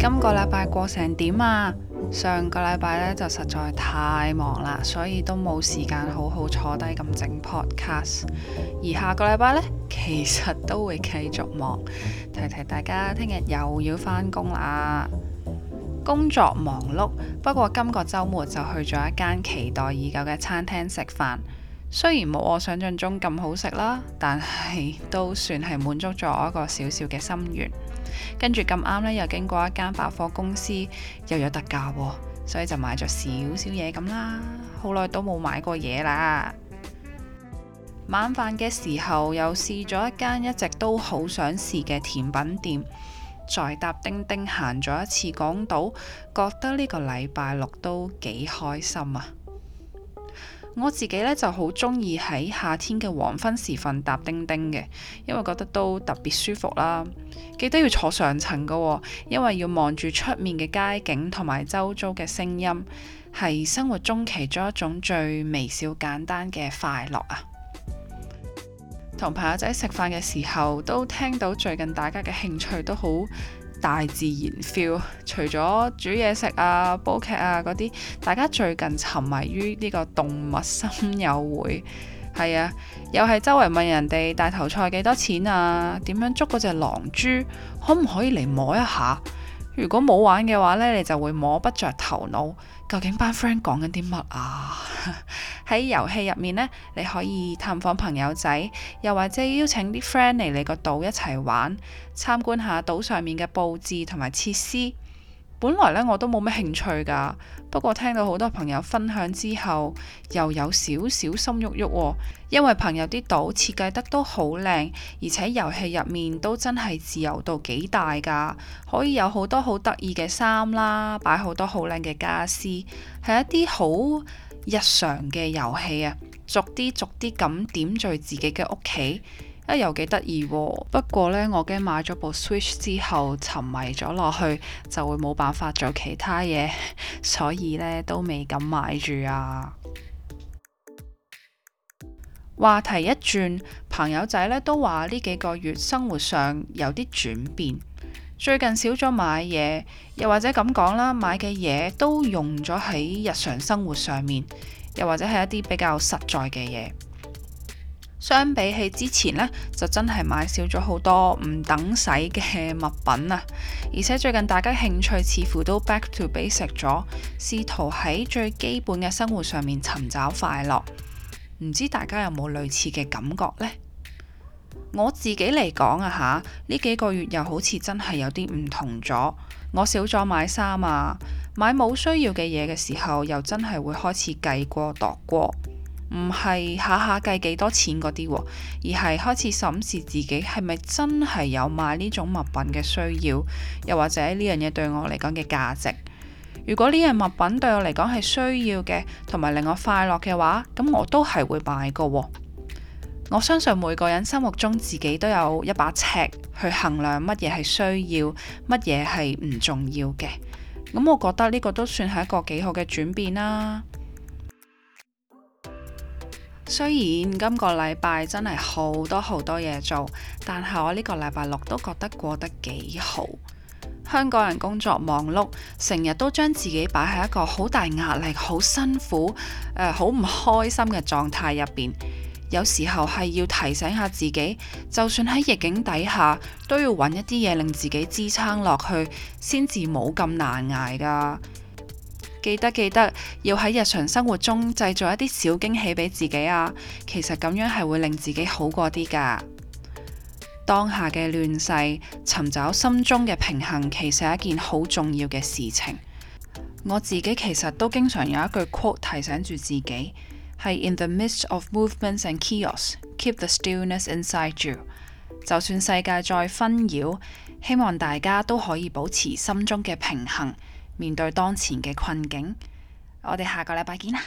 今個禮拜過成點啊？上個禮拜呢就實在太忙啦，所以都冇時間好好坐低咁整 podcast。而下個禮拜呢，其實都會繼續忙。提提大家，聽日又要返工啦，工作忙碌。不過今個周末就去咗一間期待已久嘅餐廳食飯，雖然冇我想象中咁好食啦，但係都算係滿足咗我一個小小嘅心願。跟住咁啱呢，又經過一間百貨公司，又有特價喎，哦，所以就買咗少少嘢咁啦。好耐都冇買過嘢啦。晚飯嘅時候又試咗一間一直都好想試嘅甜品店，再搭叮叮行咗一次港島，覺得呢個禮拜六都幾開心啊！我自己咧就好中意喺夏天嘅黃昏時分搭叮叮嘅，因為覺得都特別舒服啦。記得要坐上層㗎喎，因為要望住出面嘅街景同埋周遭嘅聲音，係生活中其中一種最微小簡單嘅快樂啊。同朋友仔食飯嘅時候，都聽到最近大家嘅興趣都好。大自然 feel，除咗煮嘢食啊、煲劇啊嗰啲，大家最近沉迷於呢個動物森友會，係啊，又係周圍問人哋大頭菜幾多錢啊，點樣捉嗰隻狼蛛，可唔可以嚟摸一下？如果冇玩嘅話呢，你就會摸不着頭腦，究竟班 friend 講緊啲乜啊？喺遊戲入面呢，你可以探訪朋友仔，又或者邀請啲 friend 嚟你個島一齊玩，參觀下島上面嘅布置同埋設施。本來咧我都冇乜興趣噶，不過聽到好多朋友分享之後，又有少少心喐喐喎，因為朋友啲島設計得都好靚，而且遊戲入面都真係自由度幾大噶，可以有好多好得意嘅衫啦，擺好多好靚嘅家私，係一啲好日常嘅遊戲啊，逐啲逐啲咁點綴自己嘅屋企。又幾得意喎！不過呢，我驚買咗部 Switch 之後沉迷咗落去，就會冇辦法做其他嘢， 所以呢都未敢買住啊。 話題一轉，朋友仔呢都話呢幾個月生活上有啲轉變，最近少咗買嘢，又或者咁講啦，買嘅嘢都用咗喺日常生活上面，又或者係一啲比較實在嘅嘢。相比起之前呢，就真係買少咗好多唔等使嘅物品啊！而且最近大家興趣似乎都 back to basic 咗，試圖喺最基本嘅生活上面尋找快樂。唔知大家有冇類似嘅感覺呢？我自己嚟講啊吓，呢幾個月又好似真係有啲唔同咗。我少咗買衫啊，買冇需要嘅嘢嘅時候，又真係會開始計過度過。唔係下下計幾多錢嗰啲，而係開始審視自己係咪真係有買呢種物品嘅需要，又或者呢樣嘢對我嚟講嘅價值。如果呢樣物品對我嚟講係需要嘅，同埋令我快樂嘅話，咁我都係會買噶。我相信每個人心目中自己都有一把尺去衡量乜嘢係需要，乜嘢係唔重要嘅。咁我覺得呢個都算係一個幾好嘅轉變啦。雖然今個禮拜真係好多好多嘢做，但係我呢個禮拜六都覺得過得幾好。香港人工作忙碌，成日都將自己擺喺一個好大壓力、好辛苦、呃、好唔開心嘅狀態入邊。有時候係要提醒下自己，就算喺逆境底下，都要揾一啲嘢令自己支撐落去，先至冇咁難捱噶。記得記得要喺日常生活中製造一啲小驚喜俾自己啊！其實咁樣係會令自己好過啲噶。當下嘅亂世，尋找心中嘅平衡，其實係一件好重要嘅事情。我自己其實都經常有一句 quote 提醒住自己：係 In the midst of movements and chaos, keep the stillness inside you。就算世界再紛擾，希望大家都可以保持心中嘅平衡。面對當前嘅困境，我哋下個禮拜見啦！